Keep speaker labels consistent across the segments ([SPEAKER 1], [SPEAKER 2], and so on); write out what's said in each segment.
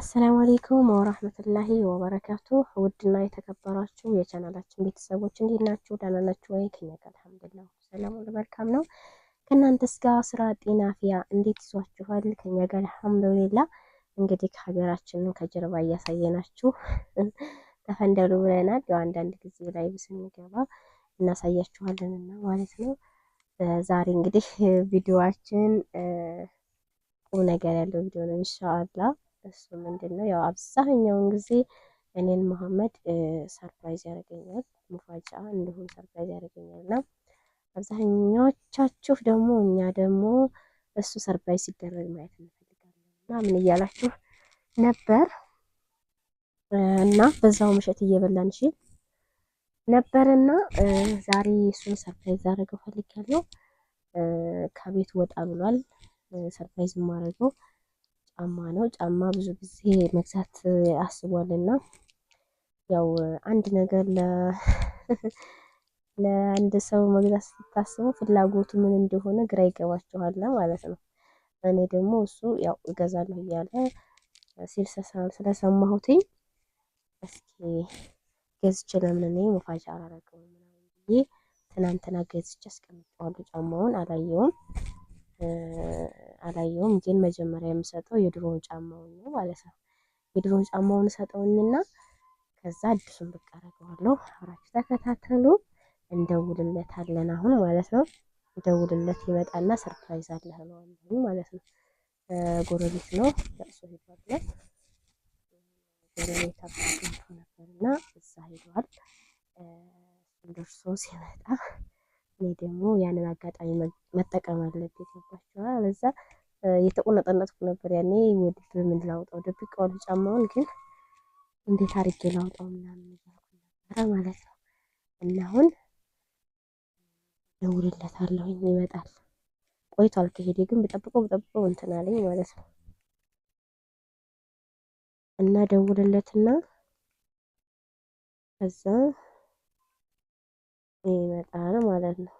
[SPEAKER 1] አሰላሙ አሌይኩም ወራህመቱላሂ ወበረካቱ። ውድና የተከበራችሁ የቻናላችን ቤተሰቦች እንዴት ናችሁ? ደህና ናችሁ ወይ? ከኛ ጋር አልሐምዱሊላህ ሰላም መልካም ነው። ከእናንተስ ጋር ስራ፣ ጤና፣ አፍያ እንዴት ይዟችኋል? ከኛ ጋር አልሐምዱሊላህ። እንግዲህ ከሀገራችንን ከጀርባ እያሳየናችሁ ተፈንደሉ ብለናል። ያው አንዳንድ ጊዜ ላይ ስንገባ እናሳያችኋለንና ማለት ነው። ዛሬ እንግዲህ ቪዲዮዋችን ቁም ነገር ያለው ቪዲዮ ነው ኢንሻአላህ እሱ ምንድን ነው ያው አብዛኛውን ጊዜ እኔን መሐመድ ሰርፕራይዝ ያደርገኛል፣ ሙፋጫ እንዲሁም ሰርፕራይዝ ያደርገኛል እና አብዛኛዎቻችሁ ደግሞ እኛ ደግሞ እሱ ሰርፕራይዝ ሲደረግ ማየት እንፈልጋለን እና ምን እያላችሁ ነበር እና በዛው መሸት እየበላን እሺ ነበርና ዛሬ እሱን ሰርፕራይዝ አደረገው ፈልጋለሁ። ከቤት ወጣ ብሏል። ሰርፕራይዝ ማድረገው ጫማ ነው። ጫማ ብዙ ጊዜ መግዛት አስቧልና ያው አንድ ነገር ለአንድ ሰው መግዛት ስታስቡ ፍላጎቱ ምን እንደሆነ ግራ ይገባችኋል ማለት ነው። እኔ ደግሞ እሱ ያው እገዛለሁ እያለ ሲል ስለሰማሁትኝ እስኪ ገዝቼ ለምን እኔ መፋጫ አላረገውም ምናምን ብዬ ትናንትና ገዝቼ አስቀምጠዋለሁ። ጫማውን አላየውም። አላየውም፣ ግን መጀመሪያ የምሰጠው የድሮውን ጫማውን ነው ማለት ነው። የድሮውን ጫማውን እሰጠውንና ከዛ አዲሱን ብቅ አደርገዋለሁ። አብራችሁ ተከታተሉ። እንደውልለት አለን አሁን ማለት ነው። እንደውልለት ይመጣና ሰርፕራይዝ አለህ ነው ማለት ነው። ጎረቤት ነው ለእሱ ሄዷል። ጎረቤት አባት ነበር እና እዛ ሄዷል። ደርሶ ሲመጣ እኔ ደግሞ ያንን አጋጣሚ መጠቀም አለብኝ ይገባቸዋል። በዛ የተቆነጠነጥኩ ነበር ያኔ ወድፍ ምን ላውጣው ደብቅ ዋሉ ጫማውን ግን እንዴት አድርጌ ላውጣው ምናምን እያልኩ ነበረ ማለት ነው። እና አሁን ደውልለታለሁ ይመጣል። ቆይቷል ከሄደ ግን ብጠብቀው ብጠብቀው እንትን አለኝ ማለት ነው። እና ደውልለትና ከዛ ይመጣል ማለት ነው።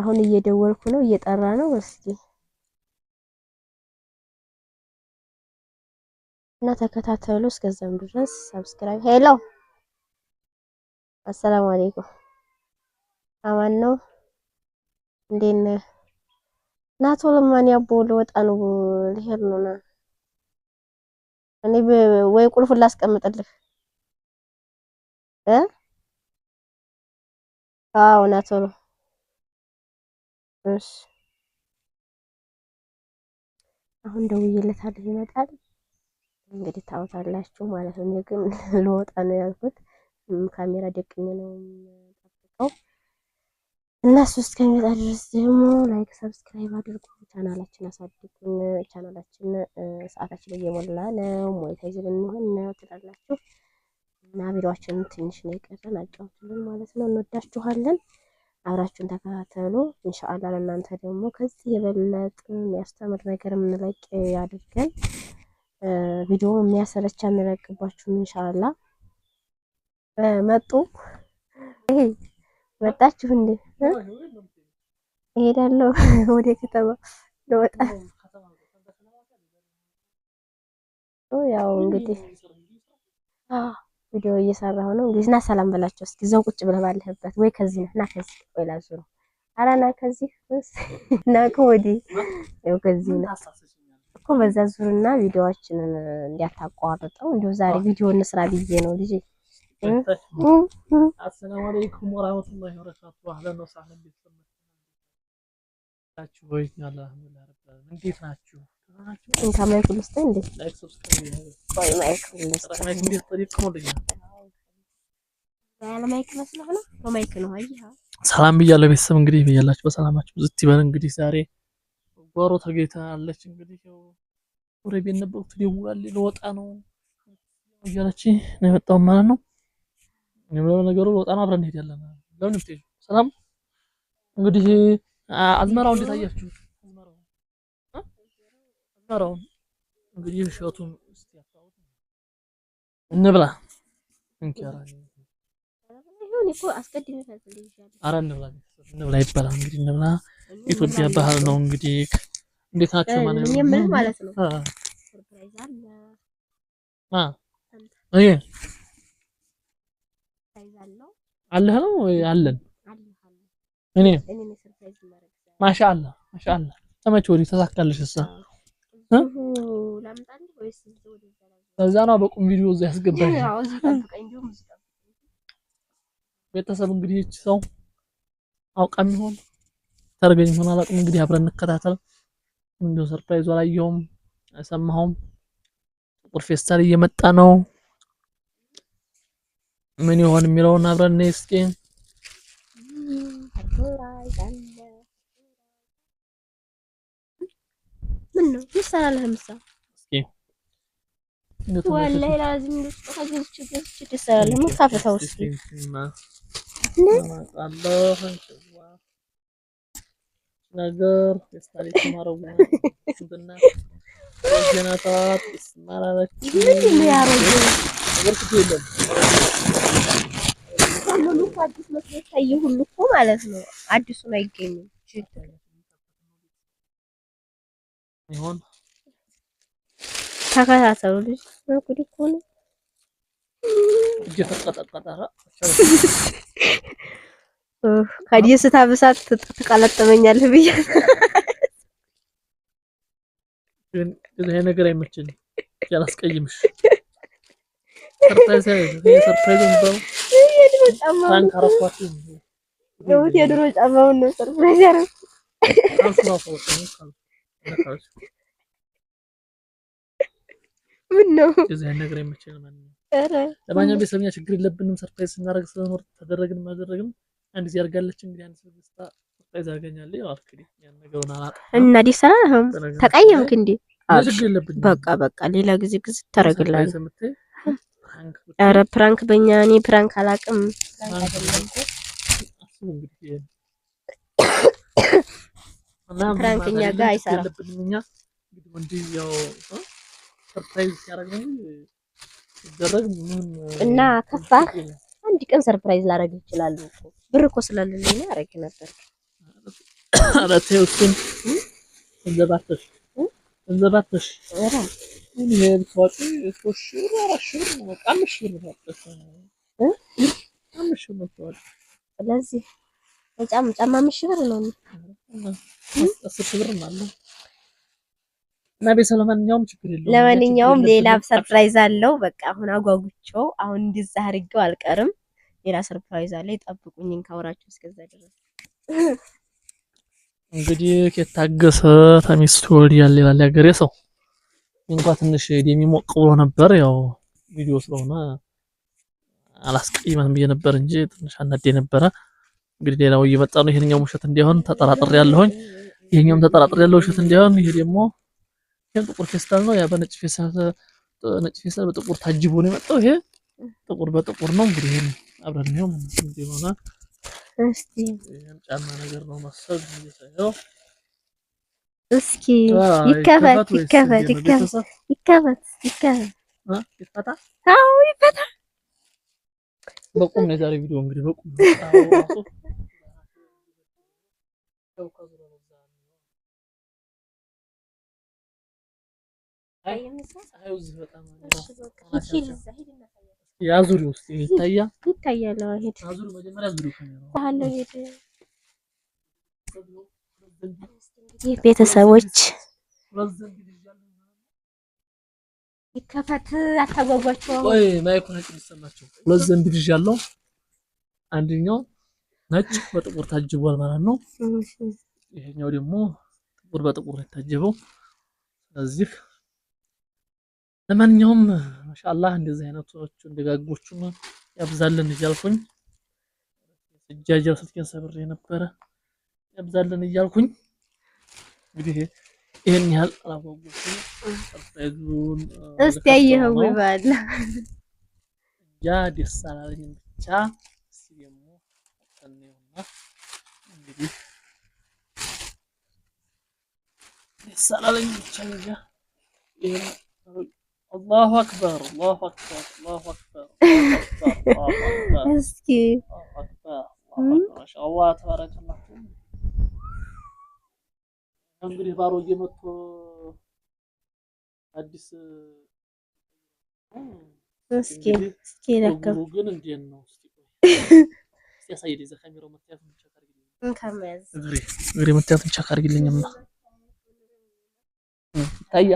[SPEAKER 1] አሁን እየደወልኩ ነው፣ እየጠራ ነው። እስኪ እና ተከታተሉ። እስከዛም ድረስ ሰብስክራይብ። ሄሎ፣ አሰላሙ አለይኩም። አማን ነው እንዴት ነህ? ናቶ ለማን ያቦ ልወጣ ነው ልሄድ ነው። ና እኔ ወይ ቁልፉን ላስቀምጥልህ እ አዎ ናቶ ነው። እሺ አሁን ደውዬለታለሁ ይመጣል። እንግዲህ ታውታላችሁ ማለት ነው። እኔ ግን ልወጣ ነው ያልኩት፣ ካሜራ ደቅኝ ነው የምጠብቀው። እና እሱ እስከሚመጣ ድረስ ደግሞ ላይክ ሰብስክራይብ አድርጉ፣ ቻናላችን አሳድጉን። ቻናላችን ሰዓታችን እየሞላ ነው፣ ሞኔታይዝ ልንሆን ነው ትላላችሁ እና ቪዲዮችንን ትንሽ ነው የቀረን፣ አጫውትልን ማለት ነው። እንወዳችኋለን፣ አብራችሁን ተከታተሉ። እንሻአላ ለእናንተ ደግሞ ከዚህ የበለጥ የሚያስተምር ነገር የምንለቅ ያድርገን። ቪዲዮ የሚያሰለች አንለቅባችሁም። እንሻአላ መጡ ይሄ መጣችሁ እንዴ? እሄዳለሁ ወደ ከተማ ለወጣ ያው እንግዲህ ቪዲዮ እየሰራሁ ነው። እንግዲህ እና ሰላም በላቸው እስኪ እዛው ቁጭ ብለህ ባለህበት ወይ ከዚህ ና ከዚህ ወይ ላዙሩ ኧረ ና ከዚህ ና ከወዲህ ያው ከዚህ ነው እኮ በዛ ዙርና ቪዲዮዎችን እንዲያታቋርጠው እንዲሁ ዛሬ ቪዲዮ እንስራ ብዬ ነው ልጄ
[SPEAKER 2] አሰላሙ አለይኩም ወራህመቱላሂ ወበረካቱ። አህለን ወሳህለን እንዴት ናችሁ? ሰላም ብያለሁ ቤተሰብ እንግዲህ ብያላችሁ በሰላማችሁ ብዙ ይበል። እንግዲህ ዛሬ ጓሮ ተገኝታ አለች። እንግዲህ ወሬ ቤት ነበርኩ ትደውላለች። ልወጣ ነው እያለች ነው የመጣሁት ማለት ነው ነገሩ በጣም አብረን እንሄዳለን። ለምን ብትሄጂ ሰላም። እንግዲህ አዝመራው እንዴት አያችሁ? አዝመራው እንግዲህ አታውቁ እንብላ እንኪያራ ኧረ እንብላ እንብላ ይባላል። እንግዲህ እንብላ ኢትዮጵያ ባህል ነው። እንግዲህ እንዴት ናቸው ማለት ነው። አለህ ነው አለን። እኔ ማሻአላ ማሻአላ ተመች ወዲህ ተሳካልሽ። እሷ ከዛ ነው በቁም ቪዲዮ እዛ ያስገባኝ ቤተሰብ። እንግዲህ እቺ ሰው አውቃ የሚሆን ተርገኝ ይሆን አላውቅም። እንግዲህ አብረን እንከታተል። እንደው ሰርፕራይዝ አላየሁም፣ አይሰማሁም። ጥቁር ፌስታል እየመጣ ነው። من يغني ميرونا برنيسكي
[SPEAKER 1] منو مش على الهمسة والله لازم تخزن تشوف تشوف تسال مو خافة توصل
[SPEAKER 2] الله نجار يستاري سمارة وبنات بنات رجنا طاط اسمارة لك مني يا رجل አበርክቶ የለም
[SPEAKER 1] ሁሉ አዲስ ታየ ሁሉ እኮ ማለት ነው። አዲሱን አይገኝም ይሆን ተከታተሉ። ልጅ እኮ ነው።
[SPEAKER 2] ብዬ ግን ይሄ ነገር አይመችልኝ ያላስቀይምሽ የድሮ
[SPEAKER 1] ጫማውን ነው ሰርፕራይዝ
[SPEAKER 2] ያደረኩት። ምን ነው ለማንኛውም ቤተሰብኛ ችግር የለብንም። ሰርፕራይዝ ስናደርግ ስለኖር ተደረግን ማደረግም አንድ ጊዜ አድርጋለች። እንግዲህ አንድ ሰው ሰርፕራይዝ ያገኛል። ያው ያን አላጣ እና ዲሳ ተቀየምክ እንዴ?
[SPEAKER 1] በቃ በቃ ሌላ ጊዜ ግዝ ታደርግላለህ። Era prank kebanyani, prank kalaq
[SPEAKER 2] em, perang kebanyani, perang kebanyani, perang kebanyani, perang kebanyani, perang kebanyani, perang kebanyani, perang kebanyani, perang kebanyani, perang kebanyani, perang kebanyani, perang kebanyani, perang kebanyani, perang ለዚህ ጫማ ነው አስር አለ እና ለማንኛውም ችግር የለውም። ለማንኛውም ሌላ ሰርፕራይዝ
[SPEAKER 1] አለው። በቃ አሁን አጓጉቸው አሁን እንዲዛ አድርጌው አልቀርም። ሌላ ሰርፕራይዝ አለ፣ ይጠብቁኝን ካወራችሁ እስከዛ ድረስ
[SPEAKER 2] እንግዲህ ከታገሰ ተሚስት ያለ ያለ ሀገሬ ሰው እንኳ ትንሽ የሚሞቅ ብሎ ነበር። ያው ቪዲዮ ስለሆነ አላስቀይማም ብዬ ነበር እንጂ ትንሽ አናዴ ነበረ። እንግዲህ ሌላው እየመጣ ነው። ይሄኛው ውሸት እንዲሆን ተጠራጥሬ ያለሁኝ፣ ይሄኛውም ተጠራጥሬ ያለው ውሸት እንዲሆን። ይሄ ደግሞ ይሄም ጥቁር ፌስታል ነው። ያ በነጭ ፌስታል ነጭ ፌስታል በጥቁር ታጅቦ ነው የመጣው። ይሄ ጥቁር በጥቁር ነው። እንግዲህ ይሄን አብረን ነው ምን እስቲ ጫማ ነገር ነው መሰል ነው እስኪ ይከፈት ይከፈት ይከፈት ይከፈት አዎ ይፈታ። በቁም ነው የዛሬ ቪዲዮ እንግዲህ በቁም ያዙሪ ውስጥ ይታያል
[SPEAKER 1] ይታያል።
[SPEAKER 2] ይህ ቤተሰቦች ይከፈት አታጓጓቸው። ወይ? ማይኩን አቅም ይሰማቸው። ሁለት ዘንድ ልጅ ያለው አንደኛው ነጭ በጥቁር ታጅቧል ማለት ነው። ይሄኛው ደግሞ ጥቁር በጥቁር የታጀበው። ስለዚህ ለማንኛውም ማሻአላህ እንደዚህ አይነቶቹ እንደጋጎቹም ያብዛልን እያልኩኝ እጃጃ ስልኬን ሰብሬ ነበረ። ያብዛልን እያልኩኝ እንግዲህ ይህን ያህል አላጓጉኩም። ሰርፕራይዙን እስቲ አየኸው ይባል ያ ደስ አላለኝም። ብቻ እስቲ ደግሞ እንየውና እንግዲህ ደስ አላለኝም ብቻ እንጃ ይሄን አላሁ አክበር አላሁ አክበር አላሁ አክበር እስኪ ማሻአላህ ተባረከላሁ እንግዲህ ባሮጌ መጥቶ አዲስ
[SPEAKER 1] እስኪ እስኪ ለከም ግን
[SPEAKER 2] እንዴት ነው? እስኪ ያሳየኝ እዛ ካሜራው መታየቱን ቸክ አድርጊልኝ። እንካመዝ እግሬ እግሬ መታየቱን ቸክ አድርጊልኝማ ታያ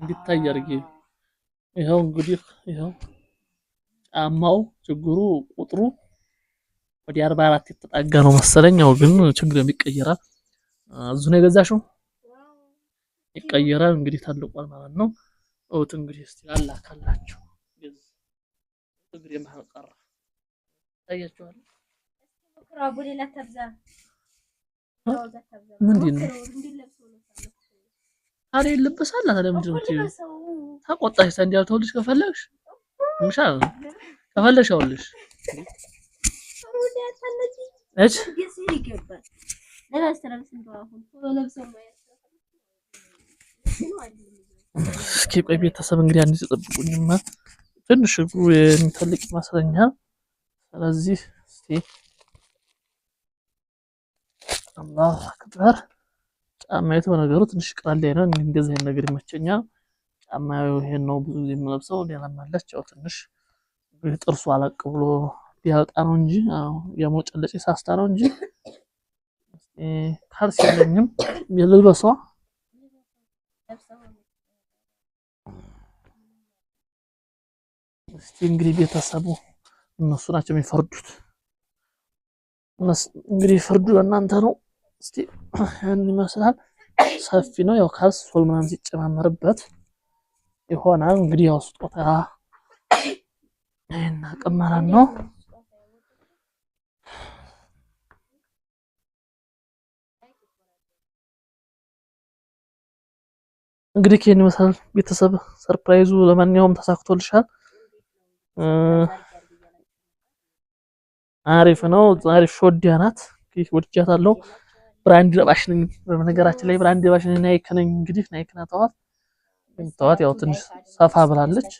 [SPEAKER 2] እንዲታይ አድርጊ። ይኸው እንግዲህ ይኸው ጫማው ችግሩ ቁጥሩ ወደ አርባ አራት የተጠጋ ነው መሰለኝ። ያው ግን ችግርም ይቀየራል። እዙ ነው የገዛሽው? ይቀየራል እንግዲህ ታልቋል ማለት ነው። እውት እንግዲህ እስቲ አላ ካላችሁ እግሬ መሀል ቀረ ታያችኋል። ምንድን ነው ታዲያ ይለበሳል። ታዲያ ምንድን ነው ታቆጣሽ? ታዲያ ተወልሽ ከፈለግሽ ምሻል ከፈለግሽ አውልሽ እስኪ ቆይ ቤተሰብ እንግዲህ አንድ ተጠብቁኝማ፣ ትንሽ እግሩ የሚተልቅ ይመስለኛል። ስለዚህ እስቲ አላህ አክበር። ጫማዬ በነገሩ ትንሽ ቀላል ላይ ነው። እንደዚህ አይነት ነገር ይመቸኛል። ጫማዬ ይሄን ነው ብዙ ጊዜ የምለብሰው። ሌላ ማለት ያው ትንሽ ጥርሱ አለቅ ብሎ ቢያወጣ ነው እንጂ የሞጨለጭ ሳስታ ነው እንጂ ካልሲ የለኝም የልብሰ እስቲ እንግዲህ ቤተሰቡ እነሱ ናቸው የሚፈርዱት። እንግዲህ ፍርዱ ለእናንተ ነው። እስቲ ያን ይመስላል። ሰፊ ነው። ያው ካልስ ሶል ምናምን ሲጨማመርበት ይሆናል። እንግዲህ ያው ስጦታ እና ቅመራ ነው። እንግዲህ ይህን ይመስላል ቤተሰብ ሰርፕራይዙ። ለማንኛውም ተሳክቶልሻል፣ አሪፍ ነው፣ አሪፍ ሾዲያ ናት። ይህ አለው ብራንድ ለባሽ ነኝ፣ በነገራችን ላይ ብራንድ ለባሽ ነኝ። ናይክ ነኝ እንግዲህ ናይክ ናት። ተዋት ተዋት፣ ያው ትንሽ ሰፋ ብላለች፣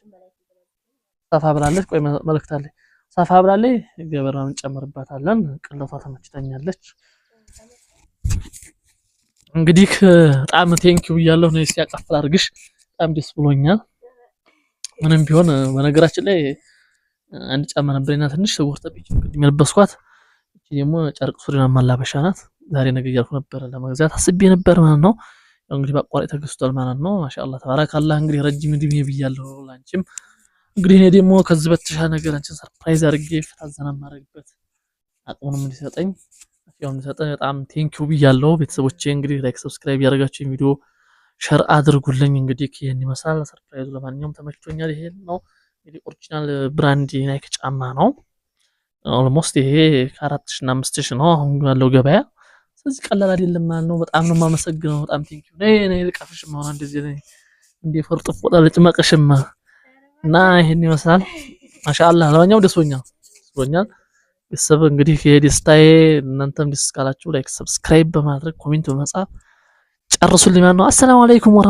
[SPEAKER 2] ሰፋ ብላለች። ቆይ መልክታለች፣ ሰፋ ብላለች። ገበራውን እንጨምርባታለን። ቅለቷ ተመችታኛለች። እንግዲህ በጣም ቴንኪው እያለሁ ነው ሲያቀፍል አድርግሽ በጣም ደስ ብሎኛል። ምንም ቢሆን በነገራችን ላይ አንድ ጫማ ነበረና ትንሽ ሰውር ጠብቂ እንግዲህ መልበስኳት። እቺ ደግሞ ጨርቅ ሱሪና ማላበሻ ናት። ዛሬ ነገ እያልኩ ነበር ለመግዛት አስቤ ነበር ማለት ነው። እንግዲህ በአቋራጭ ተገዝቷል ማለት ነው። ማሻአላ ተባረካላህ። እንግዲህ ረጅም እድሜ ብያለሁ ላንቺም። እንግዲህ እኔ ደግሞ ከዚህ በተሻለ ነገር አንቺን ሰርፕራይዝ አድርጌ ፈታዘና ማድረግበት አቅሙንም እንዲሰጠኝ ያው ሰጠን በጣም ቴንኪው ብያለሁ። ቤተሰቦቼ እንግዲህ ላይክ፣ ሰብስክራይብ ያደረጋችሁ ቪዲዮ ሸር አድርጉልኝ። እንግዲህ ይህን ይመስላል ሰርፕራይዙ። ለማንኛውም ተመችቶኛል። ይሄ ነው እንግዲህ ኦሪጂናል ብራንድ ናይክ ጫማ ነው። ኦልሞስት ይሄ ከአራት ሺ እና አምስት ሺ ነው አሁን ያለው ገበያ። ስለዚህ ቀላል አይደለም ማለት ነው። በጣም ነው የማመሰግነው። በጣም ቴንኪው ነይ ልቃፍሽማ ሆነ እንደዚህ ነኝ እንዴ ፎጣ ጭመቅሽማ እና ይሄን ይመስላል። ማሻአላህ ለማንኛውም ደስ ብሎኛል። ቤተሰብ እንግዲህ የደስታዬ እናንተም ደስ ካላችሁ ላይክ፣ ሰብስክራይብ በማድረግ ኮሜንት በመጻፍ ጨርሱልኝ ማለት ነው። አሰላሙ አለይኩም ወራ